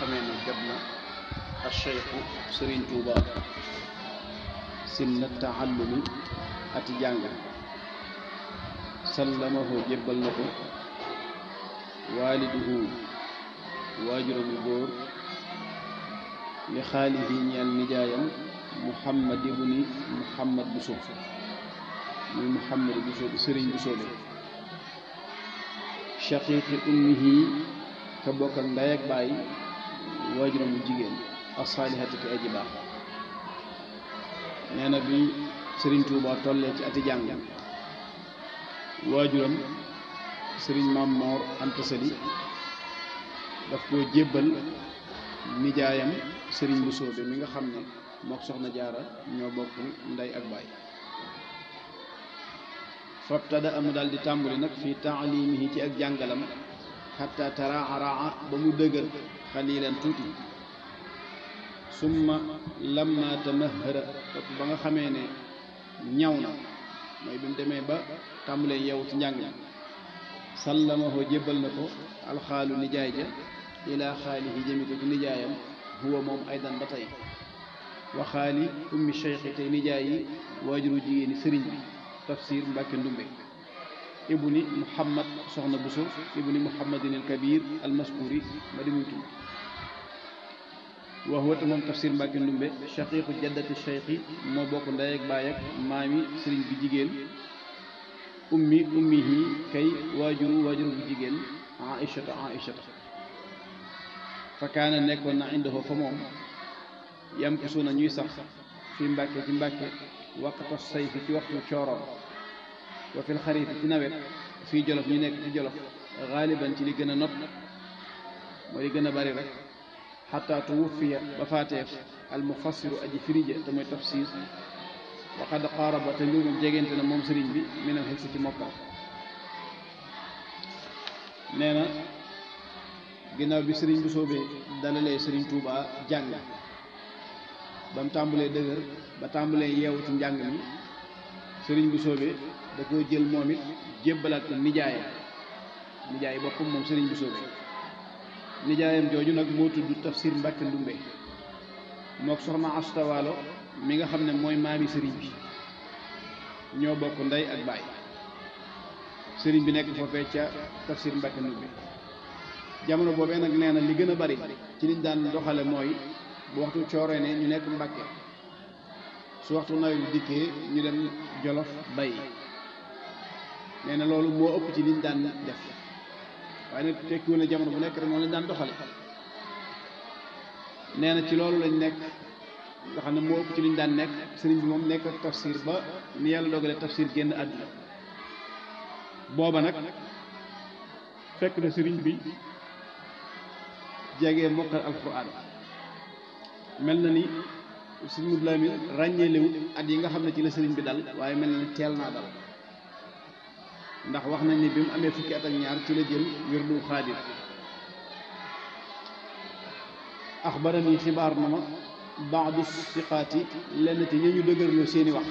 خمين الجبنة الشيخ سرين توبا سن التعلم أتجانجا سلمه جبل نقو والده واجر مبور لخاله نيال نجايا محمد ابن محمد بسوف من محمد بسوف سرين بسوف شقيق أمه كبوك الله يكبعي waajuram bu jigéen ak saalihati ki aji baax na bi sëriñ Touba tollee ci ati jàng waajuram sëriñ Maam Moor Anta Sali daf koo jébbal nijaayam sëriñ bu soobe mi nga xam ne mook soxna jaara ñoo bokk ndey ak baay fabtada amu daal di tàmbali nag fii taalimihi ci ak jàngalam xatta taraaraa ba mu dëgër xalilan tuuti summa lamma tamahara topp ba nga xamee ne ñaw na mooy bi mu demee ba tàmbalee yow ci njàng sallamahu jébbal na ko alxaalu nijaay ja ilaa xaalihi jëmi ko ci nijaayam huwa moom aydan ba tey wa xaali ummi cheikhi tey nijaay yi waajuru jigéeni sëriñ bi tafsir mbàkke ndumbe ابن محمد صهنا بوسو ابن محمد الكبير المذكور مدينتي وهو تمام تفسير باكن دومبي شقيق جدة الشيخ مو لايك ندايك بايك مامي سرين بي امي امي كي واجرو واجرو بي عائشة عائشة فكان نيكون عنده فموم يمكسون نيو صح في مباكي في مباكي وقت الصيف في وقت الشورو وفي الخريف تنوير في جلوف منك في جلوف غالبا تلي جنا نب ولي جنا بريرك حتى توفي بفاتف المفسر أجفريج تم تفسير وقد قارب وتنوير جيجين تنا ممسرين بي من في مبقى نينا جنا بسرين بسوبي دلالي سرين توبا جانجا بام تامبلي دغر با تامبلي ييو تي جانغ مي سيرين بي سوبي da jël moom it jébbalaat ko nijaayam nijaay boppam moom sëriñ bu soobe nijaayam jooju nag moo tudd tafsir mbàkke ndumbe mook soxna astawaalo mi nga xam ne mooy maami sëriñ bi ñoo bokk ndey ak baay sëriñ bi nekk foofee ca tafsir mbàkke ndumbe jamono boobee nag nee nag li gën a bari ci liñ daan doxale mooy bu waxtu cooree ñu nekk mbàkke su waxtu nawet bi dikkee ñu dem jolof bay nee na loolu moo ëpp ci liñ daan def waaye nag tekkiwu na jamono bu nekk rek noonu lañ daan doxale nee na ci loolu lañ nekk nga xam ne moo ëpp ci liñ daan nekk sëriñ bi moom nekk tafsir ba ni yàlla dogale tafsir génn àdduna booba nag fekk na sëriñ bi jege mokkal alquran mel na ni suñu mudlaa ràññeelewut at yi nga xam ne ci la sëriñ bi dal waaye mel na ni teel naa dal ndax wax nañ ne bi mu amee fukki at ak ñaar ci la jël wirdu xaadir axbarani xibaar na ma baadu siqaati lenn te ñu dëgërloo seeni wax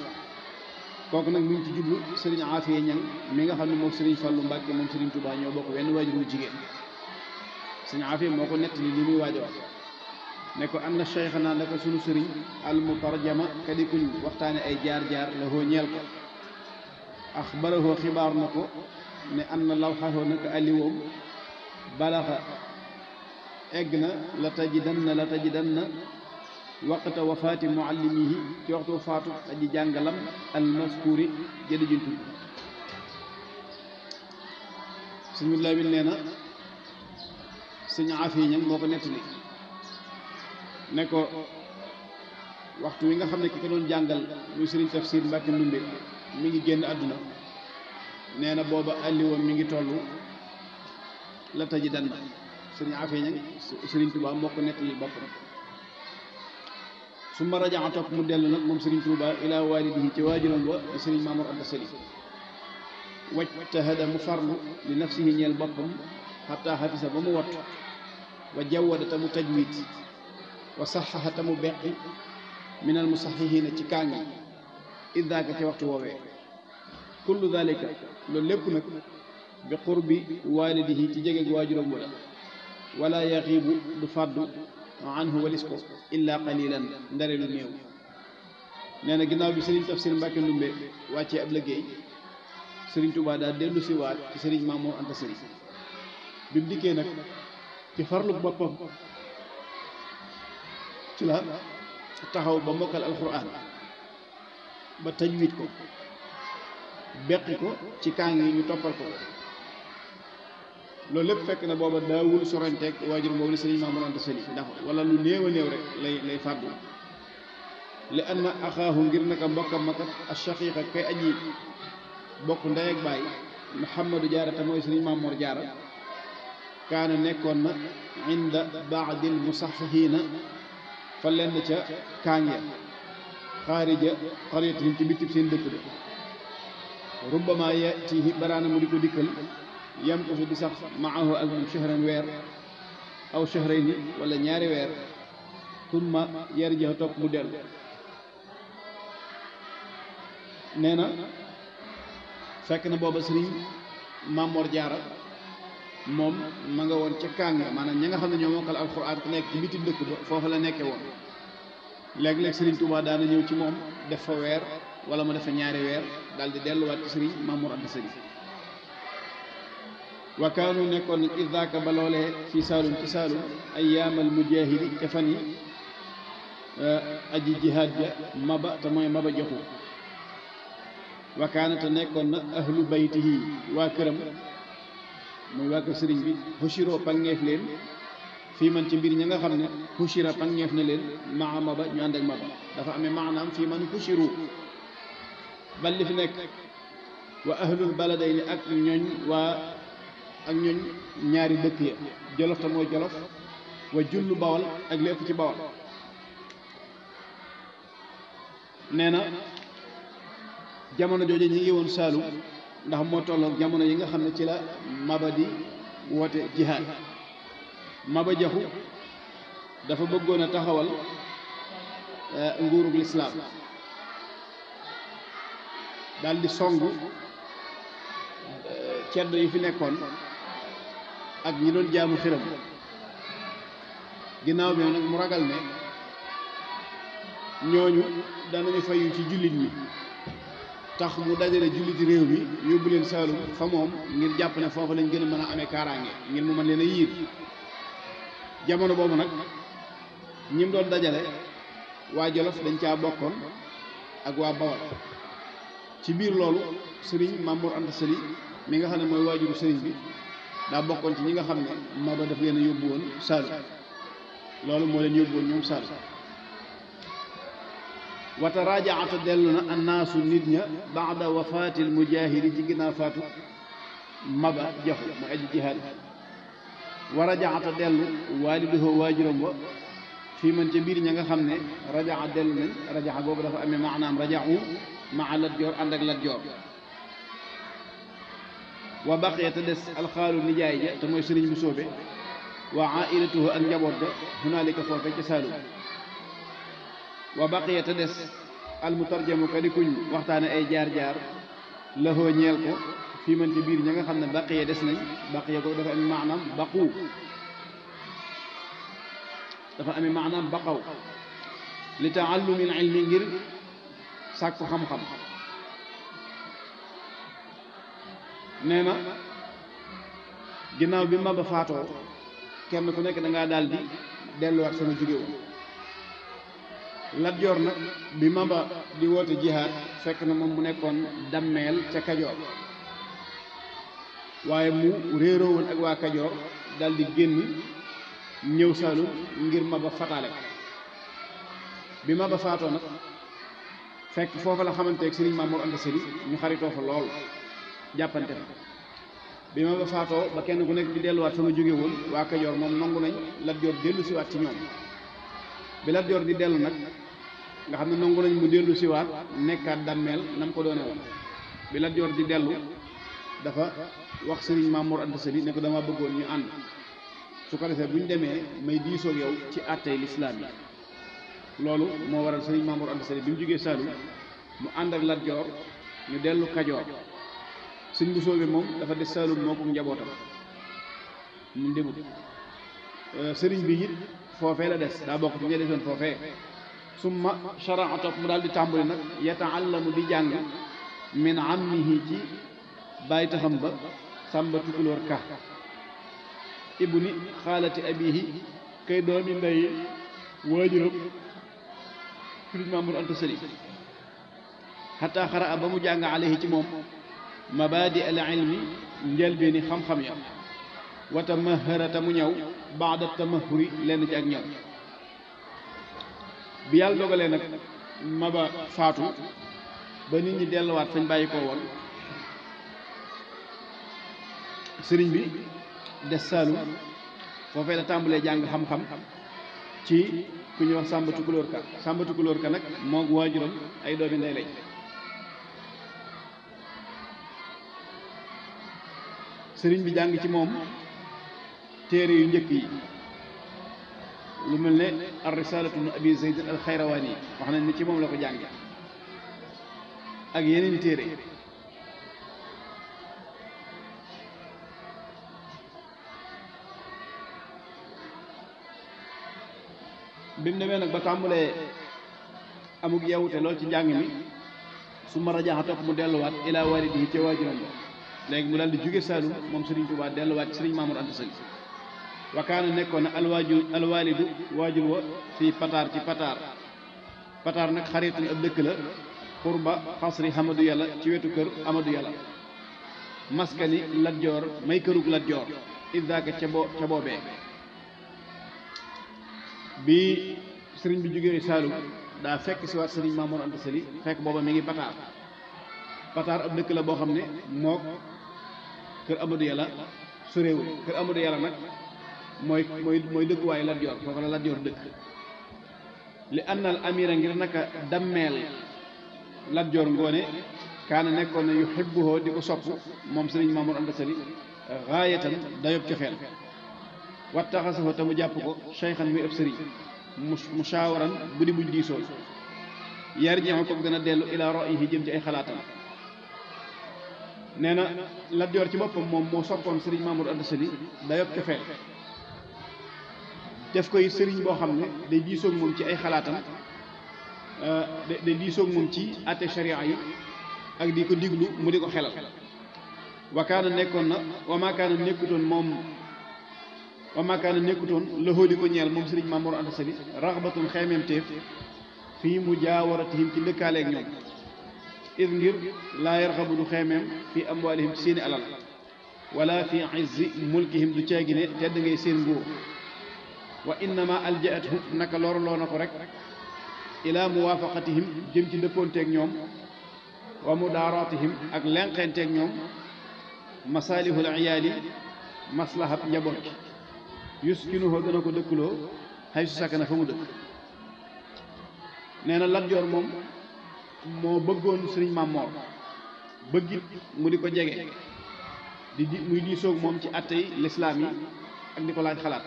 kooku nag mu ngi ci jublu sëriñ Aafiya Ñang mi nga xam ne moom sëriñ Fàllu Mbàkke moom sëriñ Tuubaa ñoo bokk wenn waajur wu jigéen sëriñ Aafiya moo ko nett li li muy waajo wax ne ko am na cheikh naa naka sunu sëriñ al mutarjama kadi kuñ ay jaar-jaar la hoo ñeel ko axbarahu xibaar na ko ne am na lawxahu naka aliwoom balaxa egg na la tajidanna la tajidanna waqta wafaati muallimihi ci waxtu faatu aji jàngalam almaskuuri jëli juñ tudd suñu Lamin nee na suñu afiya ñam moo ko nettali ne ko waxtu wi nga xam ne ki ko doon jàngal muy sëriñ tafsir Mbàkke Ndumbe mingi ngi génn àdduna nee na booba alliwa mi ngi toll la taji dan serigne afee ñang serigne Touba moo ko nettali boppam su ma rajaa topp mu dellu nag moom serigne Touba ila walidihi ci waajuram ba serigne Mamour abdou Sali wajtahada mu farlu li nafsihi ñeel boppam hatta hafisa ba mu wattu wa jawwada tamu tajwid wa saxaxa tamu mu beqi minal musaxixiina ci kaangi إذا كنت وقت وغير كل ذلك للبن بقرب والده تجيك واجر مولا ولا يغيب لفرد عنه ولسكو إلا قليلا ندري لنيو نانا جناو بسرين تفسير مباك اللمبي واتي أبلغي سرين تبادا دلو سيوات تسرين مامور أنت سرين بمدكي نك تفرلق بابا تلا تحاو بموكال القرآن ba tajwid ko beqi ko ci kàng yi ñu toppal ko loolu lépp fekk na booba daawul soranteeg waajur boobu la sëriñ ma mënante sëriñ ndax wala lu néew a néew rek lay lay fàggu li anna axaahu ngir naka mbokkam makat ashaqiqa kay aji bokk ndey ak baay muhammadu jaara te mooy sëriñ Maamoor jaara kaana nekkoon na inda baadil musaxxiina fa lenn ca kaangeer xaarija xaritihim ci bittib seen dëkk ba rubbama yatihi baraana mu di dikkal yam usu di sax maahu ak moom shahran wer aw shahrayni wala ñaari weer tumma yarja top mu dellu nee na fekk na Mamor Jaara mom ma nga woon ca kànga maanaam ña nga xam ne ñoo mokkal alxuraan te ci dëkk la léeg-léeg Serigne Touba daana ñëw ci moom def fa weer wala mu def ñaari weer daal di delluwaat ci Serigne Mamour Anta Sali wa nekkoon na iddaaka ba loolee fii Saalum ci Saalum ay yaamal mujaahidi ca yi eh, aji jihaad ja maba te mooy maba joxu wa te nekkoon na ahlu baytihi waa këram muy waa kër Serigne bi hushiroo pangeef leen. fii man ci mbir ñi nga xam ne hushira pàññeef na leen maa maba ñu ànd ak maba dafa amee maanaam fii man hushiru bal li fi nekk wa ahlul baladayni ak ñooñ waa ak ñooñ ñaari dëkk ya jolof te mooy jolof wa jullu bawal ak lépp ci bawal nee na jamono jooju ñi ngi Saalum ndax moo tolloog jamono yi nga xam ne ci la maba di woote jihaad Maba Jaxu dafa bëggoon a taxawal eh, nguurug lislaam daldi di song eh, ceddo yi fi nekkoon ak ñi doon jaamu xiram ginnaaw bi nag mu ragal ne ñooñu danañu fayu ci jullit ñi tax mu dajale julliti réew mi yóbbu leen Saalum fa moom ngir jàpp ne foofu lañ gën a mën a ame kaaraange ngir mu mën leen a yiir jamono boobu nag ñim doon dajale waa jolof dañ caa bokkoon ak waa bawal ci biir loolu sëriñ Mamour Anta Sali mi nga xam ne mooy waajuru sëriñ bi daa bokkoon ci ñi nga xam ne Maba daf leen a yóbbu woon Saalum loolu moo leen yóbbu woon ñoom Saalum wata raajaata dellu na annaasu nit ña baada wafaatil mujaahidi ci ginnaaw faatu Maba Jaxu mu aji jihaad wa rajaata dellu waalidoo waajuram wa fii man ca biir ña nga xam ne rajaa dellu nañ rajaa boobu dafa amee maanaam rajau maa lat joor ànd ak lat joor wa baqee te des alxaalu nijaay ja te mooy sëriñ bu soobe wa ailatuhu ak njaboot ga hunaalika foofe ca saalum wa baqee te des almutarjamu kadi waxtaane ay jaar-jaar lahoo ñeel ko fii man ci biir ña nga xam ne bàq ya des nañ bàq ya ko dafa am maanaam baqu dafa amee maanaam baqaw li taallumin ilmi ngir sàkku xam-xam nee na ginnaaw bi Maba faatoo kenn ku nekk da ngaa delluwaat sama jóge woon Lat Joor nag bi Maba di woote jihaad fekk na moom mu nekkoon dammeel ca Kajoor waaye mu réeroo woon ak waa Kajoor daal di génn ñëw Saalum ngir Maba fataale bi Maba faatoo nag fekk foofa la xamante ak Serigne Mamour Anta Sali ñu xaritoo fa lool jàppante fa bi Maba faatoo ba kenn ku nekk di delluwaat fa nga jóge woon waa Kajoor moom nangu nañ Lat Joor dellu siwaat ci ñoom bi Lat Joor di dellu nag nga xam ne nangu nañ mu dellu siwaat nekkaat dammeel na ko doone woon bi Lat Joor di dellu dafa wax sëriñ Mamour Anta Sali ne ko dama bëggoon ñu ànd su ko defee bu ñu demee may diisoog yow ci àttey lislaam yi loolu moo waral sëriñ Mamour Anta bi mu jógee Saalum mu ànd ak Lat Joor ñu dellu Kajoor sëñ bu soobee moom dafa des Saalum moo ko njabootam mu demut euh, sëriñ bi it foofee la des daa bokk ci ña desoon foofee summa charaa topp mu daal di tàmbali nag yataallamu di jàng min ammihi ci bàyyi taxam ba sàmba tukulóor ka ibni xaalati abihi kay doomi ndey waajuram sëriñ Maamor Anta Sali xataa xaraa ba mu jàng alayhi ci moom mabaadi al ilmi njëlbeeni xam-xam ya wata mahërata mu ñëw baada tamahuri lenn ci ak ñëw bi yàlla dogalee nag maba faatu ba nit ñi delluwaat fañ bàyyi ko woon sëriñ bi des Saalum foofee la tàmbalee jàng xam-xam ci ku ñuy wax sàmbatu Tukulóor Ka Sàmba Tukulóor Ka nag moog waajuram ay doomi ndey lañ sëriñ bi jàng ci moom téere yu njëkk yi lu mel ne ar risalatu nu abi zayd al yi wax nañ ni ci moom la ko jànge ak yeneen i téere bi mu demee nag ba tàmbalee amug yeewute lool ci njàng mi su ma rajaxa topp mu delluwaat ilaa waaridihi ca waajuram léegi mu daal di jóge Saalum moom Serigne Touba delluwaat ci Serigne Mamour Anta Sali wakaana nekkoon na alwaaju alwaalidu waajur wa fii Pataar ci Pataar Pataar nag yi ab dëkk la pour ba xurba xasri Hamadou Yàlla ci wetu kër Amadou Yàlla maskani Lat Joor may kërug Lat Joor ca boobee bi sëriñ bi jógee Saalum daa fekk si waat sëriñ Mamoor Anta Sali fekk booba mi ngi Pataar Pataar ab dëkk la boo xam ne mook kër Amadou Yàlla soréewul kër Amadou Yàlla nag mooy mooy mooy dëkkuwaayu Lat Joor la Lat dëkk li annal amira ngir naka dammeel Lat ngoone kaana nekkoon ne yu xibbuhoo di ko sopp moom sëriñ Mamoor Anta Sali gaayatan dayob cofeel wattaxasahu te mu jàpp ko cheykhan muy ëpp sëriñ mu mu saawaran bu di buñ diisoo yarji'u ko gën a dellu ila ra'yihi jëm ci ay xalaatam nee na Lat Joor ci boppam moom moo soppoon sëriñ Mamour Anta Sali dayop cofeel def koy sëriñ boo xam ne day diisoog moom ci ay xalaatam euh, day diisoog ci atte yi ak di ko diglu mu di ko xelal wa nekkoon na wa maa kaana moom وما كان نيكوتون لهودي كو نيال موم سيرن مامور انت سري رغبه خيمم تيف في مجاورتهم في لكالك نيوم اذ غير لا يرغب خيمم في اموالهم سين علال ولا في عز ملكهم دو تيغني تيد غي سين بو وانما الجاته نك لور لو نكو رك الى موافقتهم جيم تي ديبونتيك نيوم ومداراتهم اك لنخنتيك نيوم مصالح العيال مصلحه نيبونتيك yuskinuhu dana ko dëkkuloo xay su na fa mu dëkk nee na Lat Joor moom moo bëggoon sëriñ Maam Moor bëggit mu di ko jege di di muy diisoog moom ci attey lislaam yi ak di ko laaj xalaat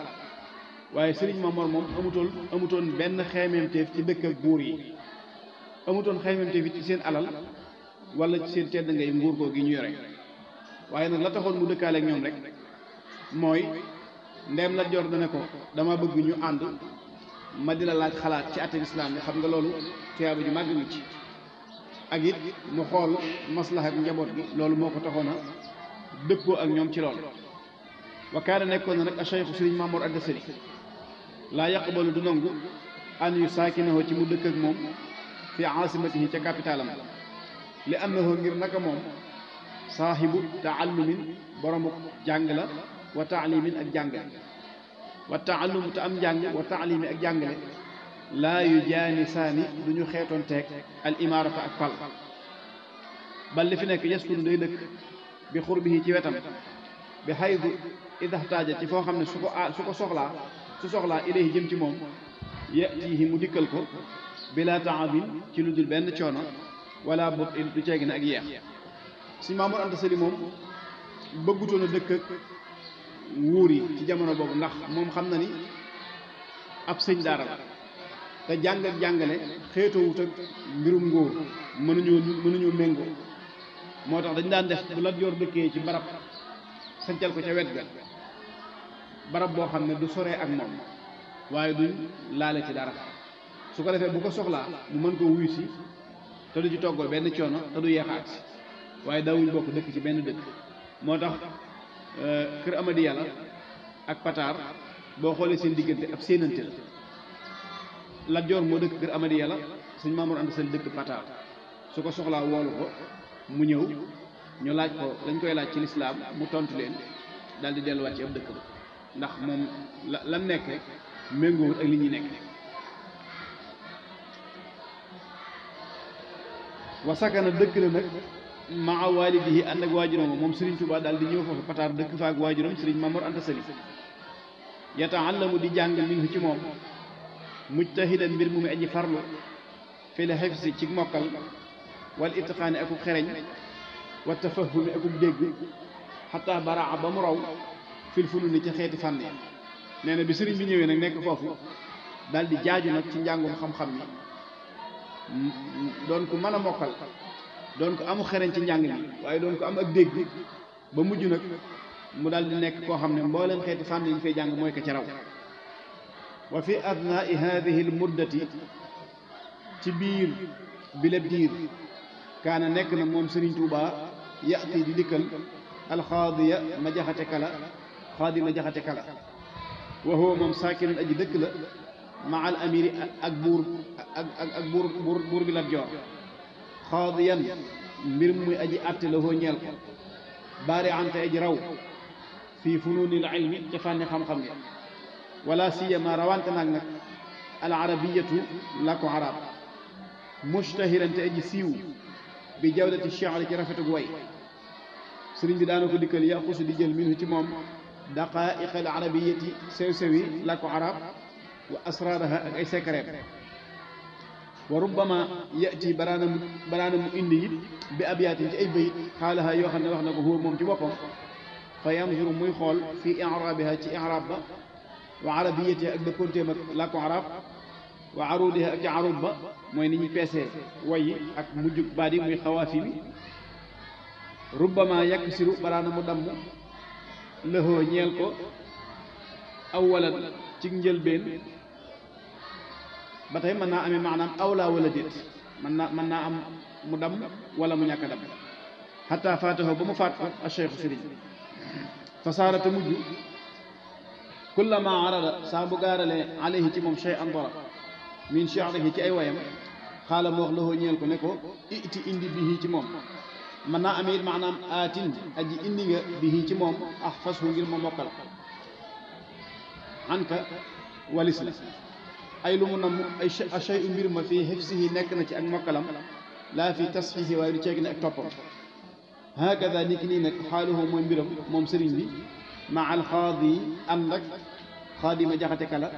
waaye sëriñ Maam Moor moom amutoon amutoon benn xeemeemteef ci dëkk ak buur yi amutoon xeemeemteef ci seen alal wala ci seen tedd ngay nguur goo gi ñu yore waaye nag la taxoon mu dëkkaaleeg ñoom rek mooy ndem la jor dana ko dama bëgg ñu ànd ma dila laaj xalaat ci atte islam bi xam nga lolu tiyabu ju màgg ci ak it mu xol maslaha ak njabot bi lolu moko taxona deppo ak ñom ci lolu wa kaana nekkon nak nag a cheikhu sëriñ Mamoor Anta Sali yaqbalu du nangu an yu saakinahu ci mu dëkk ak mom fi aasimatihi ci capitalam li annahu ngir naka mom sahibu taallumin borom jàng la وتعليم الجنجل وتعلم تام جنجل وتعليم الجنجل لا يجاني ساني دنيو خيطون تيك الإمارة أكبر بل لفنك يسكن ليلك بخربه تيوتم بحيث إذا احتاج تفو خمنا سوكو سوغلا سوغلا إليه جمتي موم يأتيه مدكالكو بلا تعابين كنو دل بن تشونا ولا بطئن تشاكنا أجيه سي مامور أنت سليموم بغوتو نو دكك nguur yi ci jamono boobu ndax moom xam na ni ab sëñ daara la te jàng ak jàngale xeetoowut ak mbirum nguur mënuñoo mënuñoo méngoo moo tax dañ daan def bu Lat Joor dëkkee ci barab sancal ko ca wet ga barab boo xam ne du soree ak moom waaye duñ laale ci dara su ko defee bu ko soxlaa mu mën koo wuyu si te du ci toggoo benn coono te du yeexaat si waaye daawuñ bokk dëkk ci benn dëkk moo tax Euh, kër amadi yàlla ak pataar boo xoolee seen diggante ab séenante la Lat moo dëkk kër amadi yàlla suñ Maamor Anta Sali dëkk pataar su ko soxlaa woolu ko mu ñëw ñu laaj ko dañ koy laaj ci lislaam mu tontu leen daal di delluwaat ci ab dëkk ba ndax moom la lan nekk méngoowut ak li ñuy nekk wasakana dëkk la nag maa waalidihi ànd ak waajuróom moom Serigne Touba daal di ñëw foofu pataar dëkk fa ak waajuróom Serigne Mamour Anta Sali yataallamu di jàng minhu ci moom mujtahidan mbir mu mu aji farlu fi la xifsi ci mokkal wal itqaani akub xereñ wa tafahumi akub dégg xataa baraa ba mu raw fil fununi ci xeeti fànn yi na bi Serigne bi ñëwee nag nekk foofu daal di jaaju nag ci njàngum xam-xam yi doon ku mën a mokkal. doon ko amu xereñ ci njàng mi waaye doon ko am ak dégg ba mujj nag mu daal di nekk koo xam ne mbooleem xeeti fànn yi ñu fay jàng mooy ko ca raw wa fi adnaa'i haadihi l muddati ci biir bi léb diir kaana nekk na moom Sëriñ Tuubaa ya'ti di dikkal alxaadiya ma jaxate kala xaadi ma jaxate kala wa huwa moom saakinun aji dëkk la ma al amiri ak buur ak ak buur buur buur bi la joor خاضيا مرمي أجي أتله نيل باري عن تأجروا في فنون العلم تفاني خم خم ولا سيما روان تنقل العربية لك عرب مشتهرا تأجي سيو بجودة الشعر كرفة قوي سرين جدانو كل كليا قوس ديجل منه تمام دقائق العربية سيسوي لك عرب وأسرارها أي سكرب وربما يأتي برانم برانم إني بأبيات أي بيت قالها يوحنا وحنا هو مومتي وقم فينظر موي خول في إعرابها تي إعراب با وعربيتها أك دكونتي مك لاكو عرب وعرودها أك عروب با موي ني بيسي وي أك مجوك بادي موي خوافي ربما يكسر برانم دم له نيلكو أولا تي نجل بين ba tey mën naa amee maanaam awlaa wala déet mën naa mën naa am mu dam wala mu ñàkk a dam xataa faataho ba mu faat fa a cheikhu sëriñ fa saara te mujj kullama arada saa bu gaaralee alayhi ci moom chey an min chiarihi ci ay wayam xaala mu wax loxoo ñeel ko ne ko iti indi bihi ci moom mën naa am it maanaam aji indi nga bihi ci moom ah ngir ma mokkal an ka ay lu mu namm ay shay mbir ma fii hifsihi nekk na ci ak mokkalam laa fi tasxihi waaye du ceeg ne ak toppam hakada ni ki nii nag xaaluhu mooy mbiram moom sëriñ bi maa alxaadi ànd ak xaadima jaxate kala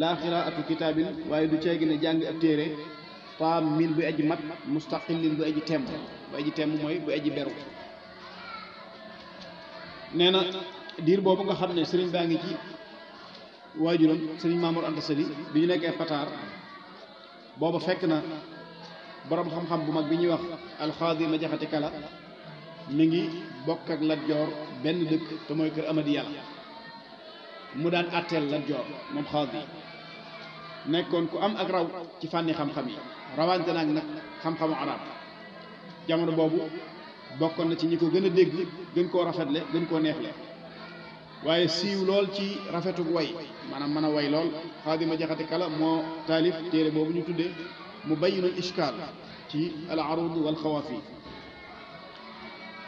laa xiraatu kitaabin waaye du ceeg ne jàng ab téere taam min bu aji mat mustaqillin bu aji temm bu aji temm mooy bu aji beru nee na diir boobu nga xam ne sëriñ baa ngi ci waajuram sëriñ Mamour Anta Sali bi ñu nekkee Pataar booba fekk na boroom xam-xam bu mag bi ñuy wax alxaadi ma jaxati kala mi ngi bokk ak Lat Joor benn dëkk te mooy kër Amadi Yàlla mu daan àtteel Lat Joor moom nekkoon ku am ak raw ci fànni xam-xam yi rawante naag nag xam-xamu arab jamono boobu bokkoon na ci ñi ko gën a dégg gën koo rafetle gën koo neexle waye siiw lol ci rafetuk way manam mana way lol xaadima jaxati kala mo talif tere bobu ñu tuddé mu bayyinu iskal ci al arud wal khawafi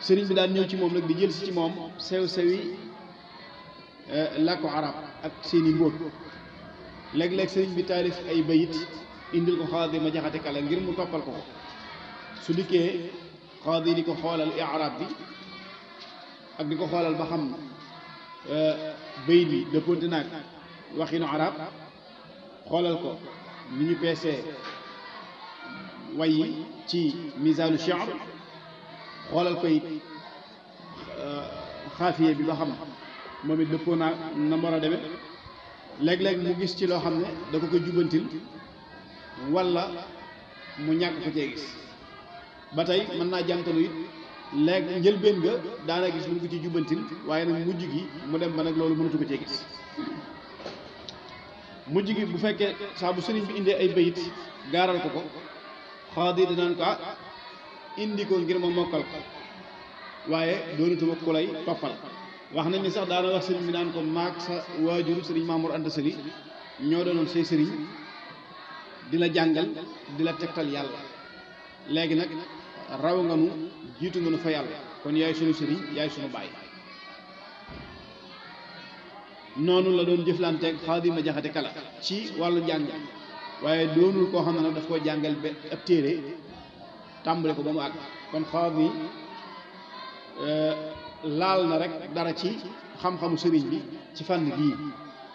serigne bi daan ñëw ci mom nak di jël si ci mom sew sewi lako arab ak seeni mboot leg leg serigne bi talif ay bayit indil ko xaadima jaxati kala ngir mu topal ko su dikkee xaadi liko xolal i'rab bi ak diko xolal ba xam Euh, bëy bi dëppoonte naag waxinu arab xoolal ko ni ñu peesee way yi ci misaanu shiab xoolal ko it euh, xaafiye bi ba xam moom it dëppoo naa a demee léeg-léeg mu gis ci loo xam ne da ko ko jubantil walla mu ñàkk ko cee gis ba tey mën naa jàntalu it léegi njëlbeen nga daana gis lu mu ko ci jubbantil waaye nag mujj gi mu dem ba nag loolu mënatu ko cee gis mujj gi bu fekkee saa bu sëriñ bi indee ay bayit gaaral ko ko xaadi dinaan ko ah indi ko ngir ma mokkal ko waaye doonatuma ku ay toppal wax nañ ni sax daana wax sëriñ bi naan ko maag sa waajur sëriñ Mamour ànd Sali ñoo doonoon say sëriñ di la jàngal di la tegtal yàlla léegi nag raw nga nu jiitu nga nu fa yàlla kon yaay sunu sëriñ yaay sunu baay noonu la doon jëflanteeg xaadima jaxate kala ci wàllu jàng waaye doonul koo xam ne nag daf koo jàngal ba ab téere tàmbale ko ba mu àgg kon xaadi euh, laal na rek dara ci xam sëriñ bi ci fànn bii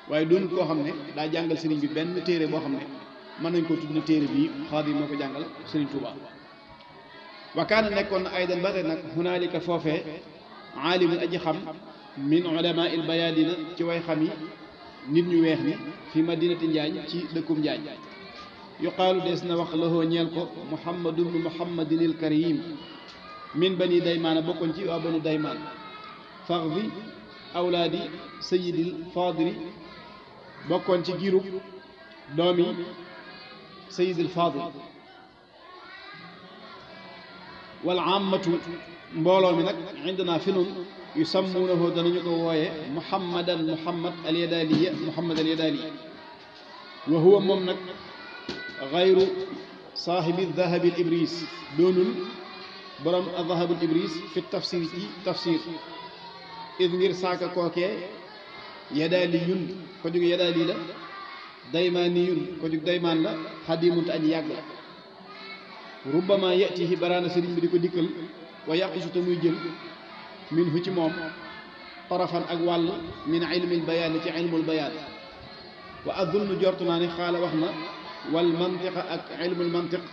waaye doonul koo xam ne daa jàngal sëriñ bi benn téere boo xam ne mën nañ ko tudd na téere bii xaadi moo ko jàngal sëriñ Touba. وكان نكون أيضا بدنا هنالك فوفة عالم أجخم من علماء البيادين كواي خمي نبني ويخني في مدينة جاني كي لكم جاني يقال ديسنا وخلوه نيالكو محمد بن محمد الكريم من بني دايمان بوكونتي وابنو دايمان فغضي أولادي سيد الفاضل بوكونتي جيرو دومي سيد الفاضل والعامة مبالغ منك عندنا فنون يسمونه دنيا قوية محمد محمد اليدالي محمد اليدالي وهو ممنك غير صاحب الذهب الإبريس دون برم الذهب الإبريس في التفسير في تفسير إذ غير ساكا كوكي يدالي كوجو يدالي لا دايماني كوجو دايمان لا حديم تأجي ربما ياتي هبران سيرين بي ديكو ديكل ويقش تموي جيل من هو موم طرفا اك من علم البيان تي علم البيان واظن جورتنا ني خال واخنا والمنطق اك علم المنطق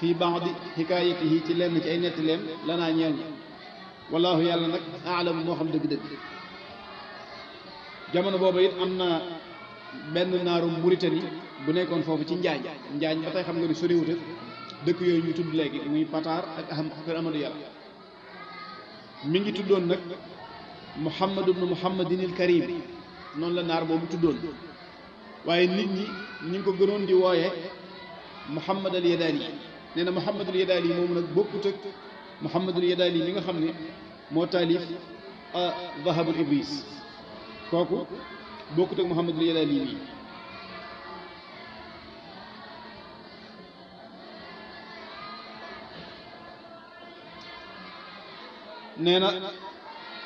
في بعض حكايته تي لين تي اي نيت لين لانا نيل والله يالا نك اعلم مو خم دك دك جامن بوبا ييت امنا بن نارو موريتاني بو نيكون فوفو تي نجاج نجاج با تاي خم نغي سوري dëkk yooyu ñu tudd léegi muy Pataar ak aham kër Amadou Yàlla mi ngi tuddoon nag Muhammad ibnu Muhammadinil Karim noonu la naar boobu tuddoon waaye nit ñi ñu ko gënoon di wooye Muhammad al Yadaali nee na Muhammadul Yadaali moom nag bokkut ak Muhammadul Yadaali mi nga xam ne moo taalif euh, Dahabul Iblis kooku bokkut ak Muhammadul Yadaali mii nee na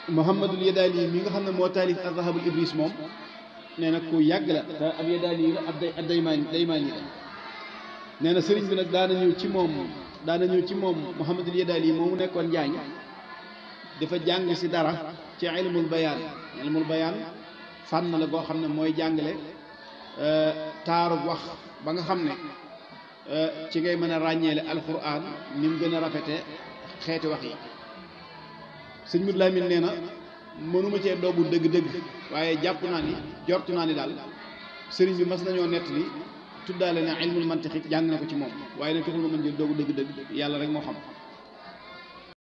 Muhammadul Yadaali mi nga xam ne moo taalif Arrahabul Ibris moom nee na ku yàgg la te ab Yadaali yi la ab day ab daymaan daymaan yi nee na sëriñ bi nag daana ñëw ci moom daana ñëw ci moom Muhammadul Yadaali yi moomu nekkoon njaañ dafa jàng si dara ci ilmul bayaan ilmul bayaan fànn la goo xam ne mooy jàngale taaru wax ba nga xam ne ci ngay mën a ràññeele alquran ni mu gën a rafete xeeti wax yi sëñ Mourou Lamine nee na mënuma cee doogu dëgg-dëgg waaye jàpp naa ni jortu naa ni daal sëriñ bi mas nañoo nett ni tuddaale na ilmul mantiqi jàng na ko ci moom waaye nag taxul ma mën jël doogu dëgg-dëgg yàlla rek moo xam